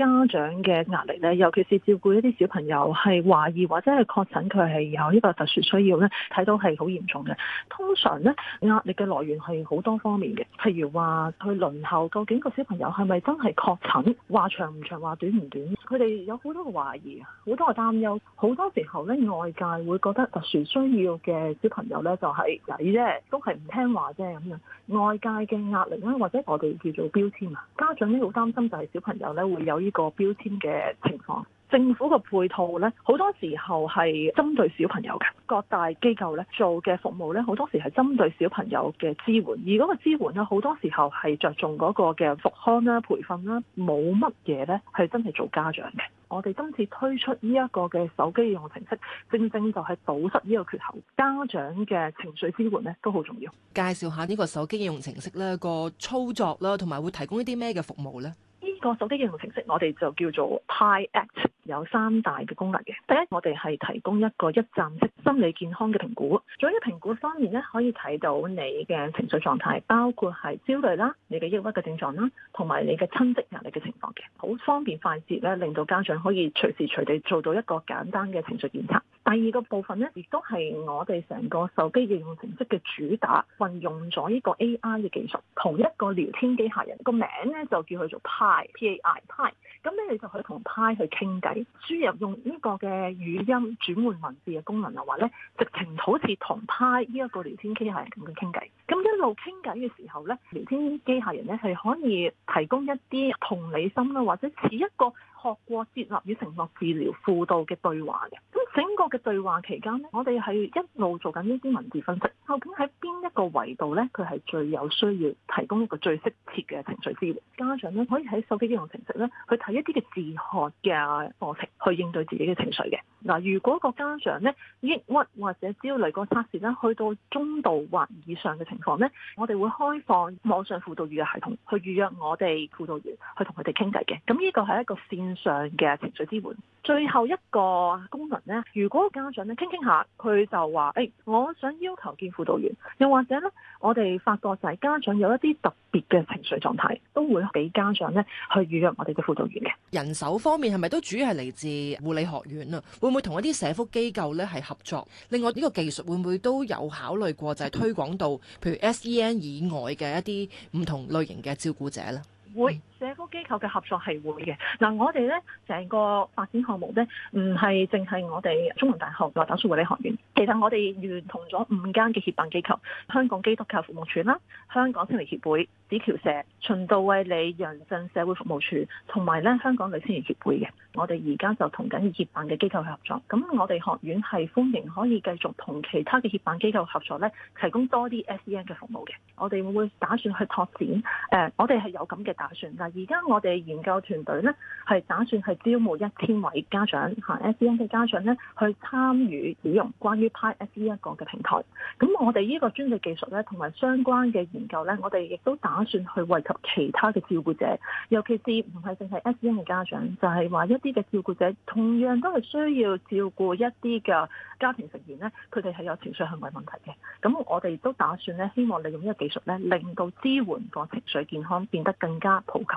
家長嘅壓力咧，尤其是照顧一啲小朋友係懷疑或者係確診佢係有呢個特殊需要咧，睇到係好嚴重嘅。通常咧壓力嘅來源係好多方面嘅，譬如話去輪候，究竟個小朋友係咪真係確診？話長唔長，話短唔短，佢哋有好多嘅懷疑，好多嘅擔憂。好多時候咧外界會覺得特殊需要嘅小朋友咧就係曳啫，都係唔聽話啫咁樣。外界嘅壓力咧，或者我哋叫做標籤啊，家長呢，好擔心就係小朋友咧會有呢個標籤嘅情況，政府嘅配套呢，好多時候係針對小朋友嘅。各大機構呢做嘅服務呢，好多時係針對小朋友嘅支援。而嗰個支援呢，好多時候係着重嗰個嘅復康啦、培訓啦，冇乜嘢呢，係真係做家長嘅。我哋今次推出呢一個嘅手機應用程式，正正就係堵塞呢個缺口。家長嘅情緒支援呢，都好重要。介紹下呢個手機應用程式呢個操作啦，同埋會提供一啲咩嘅服務呢？個手機應用程式，我哋就叫做 Pi Act，有三大嘅功能嘅。第一，我哋係提供一個一站式心理健康嘅評估。在呢個評估方面咧，可以睇到你嘅情緒狀態，包括係焦慮啦、你嘅抑鬱嘅症狀啦，同埋你嘅親職壓力嘅情況嘅，好方便快捷咧，令到家長可以隨時隨地做到一個簡單嘅情緒檢測。第二個部分咧，亦都係我哋成個手機應用程式嘅主打，運用咗呢個 A I 嘅技術，同一個聊天機械人，個名咧就叫佢做 Pi P A I Pi。咁咧你就可以同 Pi 去傾偈，輸入用呢個嘅語音轉換文字嘅功能嘅話咧，直情好似同 Pi 呢一個聊天機械人咁樣傾偈。咁一路傾偈嘅時候咧，聊天機械人咧係可以提供一啲同理心啦，或者似一個學過接納與承諾治療輔導嘅對話嘅。整個嘅對話期間咧，我哋係一路做緊呢啲文字分析，究竟喺邊一個維度咧，佢係最有需要提供一個最適切嘅情緒支援。家長咧可以喺手機應用程式咧，去睇一啲嘅自學嘅課程，去應對自己嘅情緒嘅。嗱，如果個家長咧抑鬱或者焦慮個測試咧去到中度或以上嘅情況咧，我哋會開放網上輔導預約系統去預約我哋輔導員去同佢哋傾偈嘅。咁呢個係一個線上嘅情緒支援。最後一個功能咧，如果家長咧傾傾下，佢就話誒，我想要求見輔導員，又或者咧，我哋發覺就係家長有一啲特別嘅情緒狀態，都會俾家長咧去預約我哋嘅輔導員嘅。人手方面係咪都主要係嚟自護理學院啊？會唔會同一啲社福機構咧係合作？另外呢個技術會唔會都有考慮過就係推廣到，譬如 SEN 以外嘅一啲唔同類型嘅照顧者咧？會。社福機構嘅合作係會嘅。嗱、啊，我哋咧成個發展項目咧唔係淨係我哋中文大學嘅，埋那打素護理學院，其實我哋聯同咗五間嘅協辦機構：香港基督教服務處啦、香港青年協會、紫橋社、循道衛理楊震社會服務處，同埋咧香港女青年協會嘅。我哋而家就同緊協辦嘅機構去合作。咁我哋學院係歡迎可以繼續同其他嘅協辦機構合作咧，提供多啲 SEN 嘅服務嘅。我哋會打算去拓展誒、呃，我哋係有咁嘅打算。而家我哋研究團隊咧，係打算係招募一千位家長，嚇 SEN 嘅家長咧，去參與使用關於 Pi SEN 一個嘅平台。咁我哋呢個專利技術咧，同埋相關嘅研究咧，我哋亦都打算去惠及其他嘅照顧者，尤其是唔係淨係 SEN 嘅家長，就係、是、話一啲嘅照顧者同樣都係需要照顧一啲嘅家庭成員咧，佢哋係有情緒行為問題嘅。咁我哋都打算咧，希望利用呢個技術咧，令到支援個情緒健康變得更加普及。